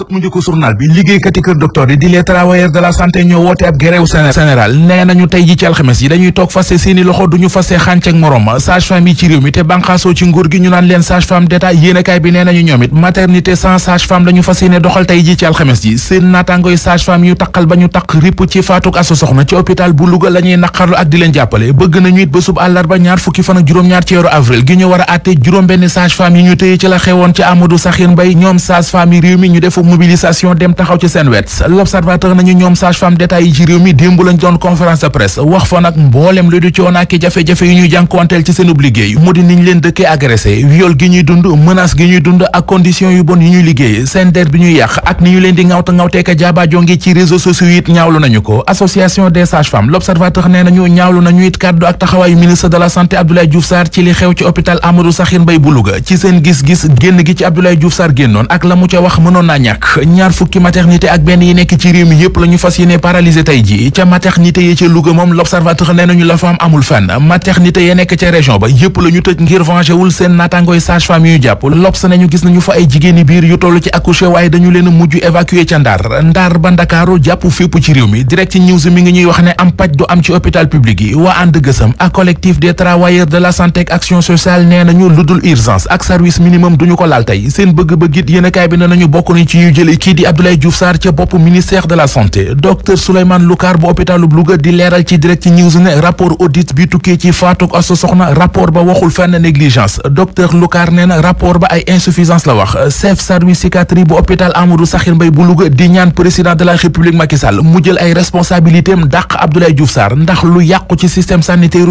xët mu njëkk journal bi liggéeykati kër docteur yi di les de la santé ñoo woote ab grève générale nee nañu tey ji ci alxames yi dañuy toog fase seeni loxo duñu fase xànc ak morom sage yi ci réew mi te banqaasoo ci nguur gi ñu naan leen sage-femme bi nee nañu ñoom maternité sans sage-femme lañu doxal tey ji ci alxames ji seen naataangoy sage yu taqal ba ñu taq ripp ci faatuk asu soxna ci hôpital bu Louga la naqarlu a mobilisation dem taxaw ci seen wet l'observateur nañu ñoom sage-femme d'État yi ci réew mi démb lañ doon conférence de presse wax fa nag mboolem lu du coono jafe-jafe yu ñuy jànkuwanteel ci seenub liggéey mu di niñ leen dëkkee agressé viol gi ñuy dund menace gi ñuy dund ak condition yu bon yu ñuy liggéey seen der bi ñuy yàq ak ni ñu leen di ŋawta ŋawteeka jaabaajoo ngi ci réseaux sociaux it ñaawlu nañu ko association des sages-femmes l'observateur nee nañu ñaawlu nañu it kàddu ak taxawaayu ministre de la santé Abdoulaye li xew ci hôpital Amadou Sakhir Mbaye bu Louga ci seen gis-gis génn gi ci Abdoulaye Diouf Sarr génnoon ak la mu ca wax mënoon naa nag ñaar fukki maternité benn yi nekk ci réew mi yëpp la ñu fas yéene paralysé tey ji ca maternité yi ca Louga moom l'observateur nee nañu la fa am amul sage femme yu jàpp lobs nañu gis nañu fa ay jigéeni biir yu toll ci accouché waaye dañu leen mujj évacué ca Ndar Ndar ba Ndakaaru jàpp fépp ci réew mi direct ci news mi ngi ñuy wax ne am paj du am ci hôpital public yi waa ànd gësam ak collectif des travailleurs de la santé ak action sociale nee nañu lu dul urgence ak service minimum duñu ko laal tey seen bëgg-bëggit yéenekaay bi ne nañu bokk nañ ci yu jëlee kii di Abdoulaye Diouf Sarr ca bopp ministère de la santé docteur Souleymane Loukar bu hôpitalu Louga di leeral ci direct news ne rapport audit bi tukkee ci faatuk asu soxna rapport ba waxul fenn négligence docteur Loukar nee rapport ba ay insuffisance la wax chef service psychiatrie bu hôpital Amadou Sakhir Mbaye bu Louga di ñaan président de la république Macky mu jël ay responsabilité am dàq Abdoulaye ndax lu yàqu ci système sanitaire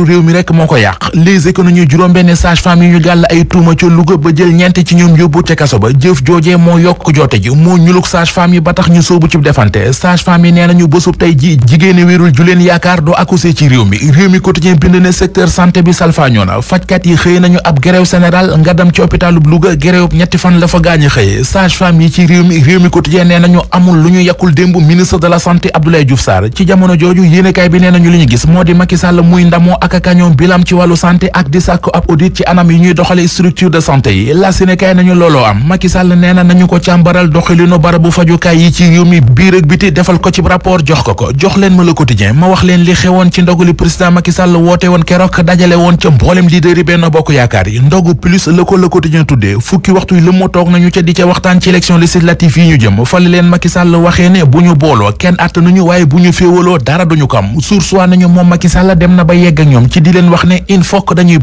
moo ñuluk sage-femme yi ba tax ñu soobu ci defante sage-femme yi nee nañu bésub tey ji wérul ju yaakaar doo accoucher ci réew mi réew mi quotidien bind ne secteur santé bi salfaañoo na fajkat yi xëy nañu ab grève général nga dem ci hôpitalub Louga grève ñetti fan la fa gaañi xëye sage-femme yi ci réew mi réew mi quotidien nee nañu amul lu ñu yàkkul démb ministre de la santé Abdoulaye Diouf Sarr ci jamono jooju yéenekaay bi nee nañu li gis moo di Macky Sall muy ndamoo ak akañoom bilam ci wàllu santé ak am Macky Sall nee na nañu ko càmbaral doxi doxalinu barabu fajukaay yi ci réew mi biir ak biti defal ko ci rapport jox ko ko jox leen ma le quotidien ma wax leen li xewoon ci ndogu li président Macky Sall woote woon keroog dajale woon ca mboolem leader yi benn bokk yaakaar yi ndogu plus la ko le quotidien tuddee fukki waxtu yi mu toog nañu ca di ca waxtaan ci élection législative yi ñu jëm fali leen Macky Sall waxee ne bu ñu booloo kenn att nañu waaye bu ñu féewaloo dara duñu kam sursoi nañu moom Macky Sall dem na ba yegg ak ñoom ci di leen wax ne in fokk dañuy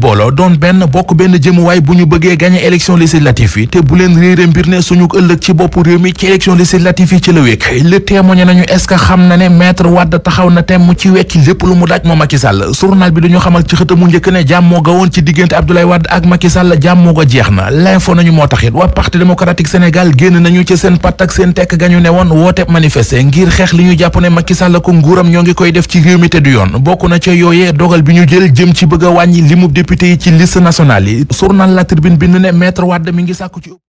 benn bokk benn jëmuwaay ñu bëggee gagné élection législative yi te bu réew mi ci élection législative yi ci la wékk le témoigné nañu est-ce xam na ne maître Wade taxaw na tem ci wekki lépp lu mu daaj moom Macky Sall journal bi dañu xamal ci xëtamu njëkk ne jàmmoo ga woon ci diggante Abdoulaye Wade ak Macky Sall jàmmoo ga jeex na l'info nañu moo taxit waa parti démocratique Sénégal génn nañu ci seen patt ak seen tekk gañu ne woon woote manifester ngir xeex li ñu jàpp ne Macky Sall ko nguuram ñoo ngi koy def ci réew mi te du yoon